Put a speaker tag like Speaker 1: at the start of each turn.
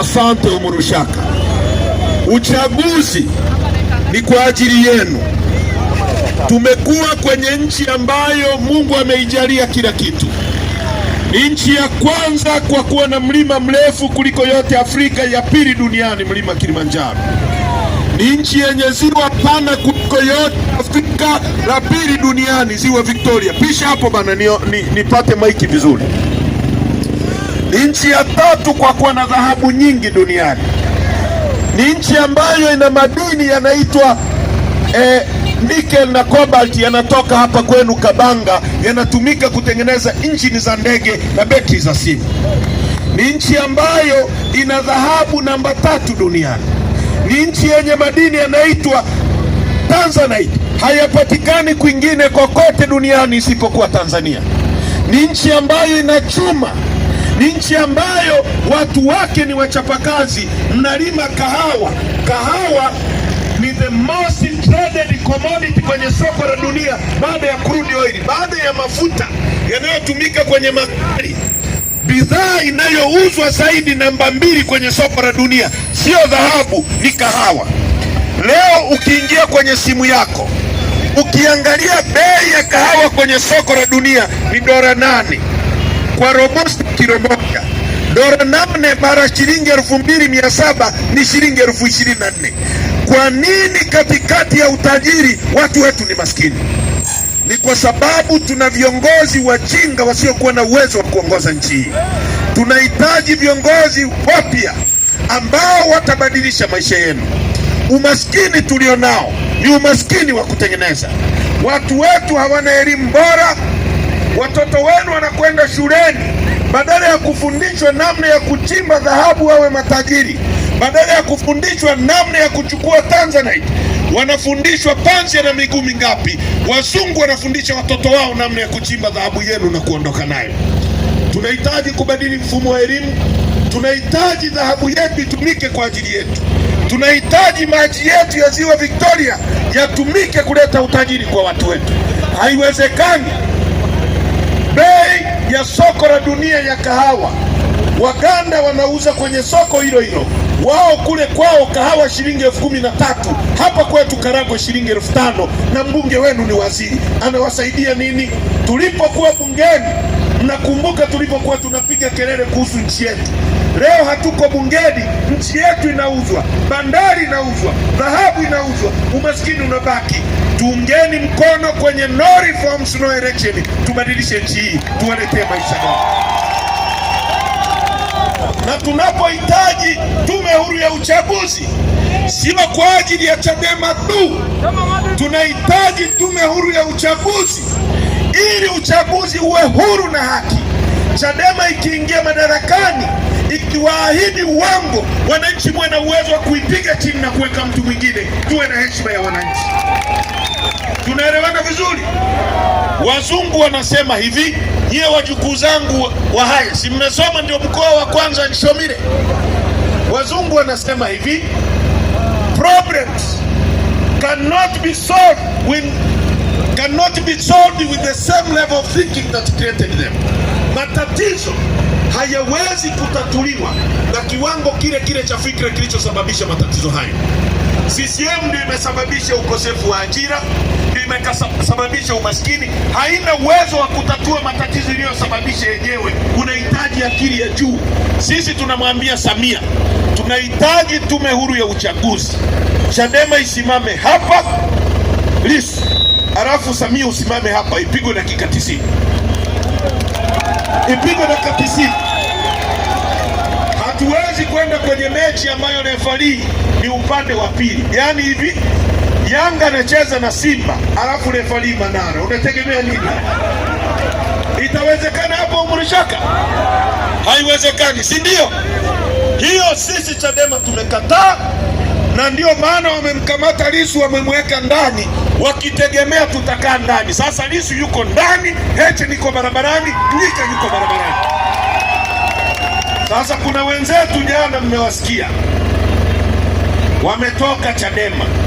Speaker 1: Asante Umurushaka. Uchaguzi ni kwa ajili yenu. Tumekuwa kwenye nchi ambayo Mungu ameijalia kila kitu. Ni nchi ya kwanza kwa kuwa na mlima mrefu kuliko yote Afrika, ya pili duniani mlima Kilimanjaro. Ni nchi yenye ziwa pana kuliko yote Afrika, la pili duniani ziwa Victoria. Pisha hapo bana, nipate ni, ni maiki vizuri nchi ya tatu kwa kuwa na dhahabu nyingi duniani. Ni nchi ambayo ina madini yanaitwa eh, nikel na cobalt yanatoka hapa kwenu Kabanga, yanatumika kutengeneza injini za ndege na betri za simu. Ni nchi ambayo ina dhahabu namba tatu duniani. Ni nchi yenye madini yanaitwa tanzanite, hayapatikani kwingine kokote duniani isipokuwa Tanzania. Ni nchi ambayo ina chuma ni nchi ambayo watu wake ni wachapakazi, mnalima kahawa. Kahawa ni the most traded commodity kwenye soko la dunia baada ya crude oil, baada ya mafuta yanayotumika kwenye magari. Bidhaa inayouzwa zaidi namba mbili kwenye soko la dunia sio dhahabu, ni kahawa. Leo ukiingia kwenye simu yako ukiangalia bei ya kahawa kwenye soko la dunia ni dola nane kwa robusta ukiroboka. Dora nane mara shilingi elfu mbili mia saba ni shilingi elfu ishirini na nne. Kwa nini katikati ya utajiri watu wetu ni maskini? Ni kwa sababu tuna viongozi wajinga wasiokuwa na uwezo wa kuongoza nchi hii. Tunahitaji viongozi wapya ambao watabadilisha maisha yenu. Umaskini tulio nao ni umaskini wa kutengeneza. Watu wetu hawana elimu bora, watoto wenu wanakwenda shuleni badala ya kufundishwa namna ya kuchimba dhahabu wawe matajiri, badala ya kufundishwa namna ya kuchukua Tanzanite wanafundishwa panzi na miguu mingapi. Wazungu wanafundisha watoto wao namna ya kuchimba dhahabu yenu na kuondoka nayo. Tunahitaji kubadili mfumo wa elimu. Tunahitaji dhahabu yetu itumike kwa ajili yetu. Tunahitaji maji yetu ya ziwa Victoria yatumike kuleta utajiri kwa watu wetu. Haiwezekani ya soko la dunia ya kahawa. Waganda wanauza kwenye soko hilo hilo, wao kule kwao kahawa shilingi elfu kumi na tatu hapa kwetu Karagwe shilingi elfu tano na mbunge wenu ni waziri, anawasaidia nini? Tulipokuwa bungeni, mnakumbuka tulipokuwa tunapiga kelele kuhusu nchi yetu. Leo hatuko bungeni, nchi yetu inauzwa, bandari inauzwa, dhahabu inauzwa, umaskini unabaki tuungeni mkono kwenye no reforms no election, tubadilishe nchi hii, tuwaletee maisha bora. Na tunapohitaji tume huru ya uchaguzi, sio kwa ajili ya Chadema tu, tunahitaji tume huru ya uchaguzi ili uchaguzi uwe huru na haki. Chadema ikiingia madarakani ikiwaahidi uwango wananchi muwe na uwezo wa kuipiga chini na kuweka mtu mwingine. Tuwe na heshima ya wananchi. Tunaeleweka vizuri? Wazungu wanasema hivi, nyiye wajukuu zangu wa haya, si mmesoma ndio mkoa wa kwanza Nshomile. Wazungu wanasema hivi, problems cannot be solved with cannot be solved with the same level of thinking that created them. Matatizo hayawezi kutatuliwa na kiwango kile kile cha fikra kilichosababisha matatizo hayo. CCM ndio imesababisha ukosefu wa ajira, ndio umaskini. Haina uwezo wa kutatua matatizo iliyosababisha yenyewe, unahitaji akili ya juu. Sisi tunamwambia Samia, tunahitaji tume huru ya uchaguzi, Chadema isimame hapa, Lissu alafu Samia usimame hapa, ipigwe dakika 90, ipigwe dakika 90 kwenda kwenye mechi ambayo refarii ni upande wa pili. Yaani hivi Yanga anacheza na Simba alafu refarii Manara, unategemea nini? Itawezekana hapo umurishaka Haiwezekani, si ndio? Hiyo sisi Chadema tumekataa, na ndio maana wamemkamata Lisu, wamemweka ndani wakitegemea tutakaa ndani. Sasa Lisu yuko ndani, Heche niko barabarani, Mwika yuko barabarani. Sasa kuna wenzetu jana mmewasikia wametoka Chadema.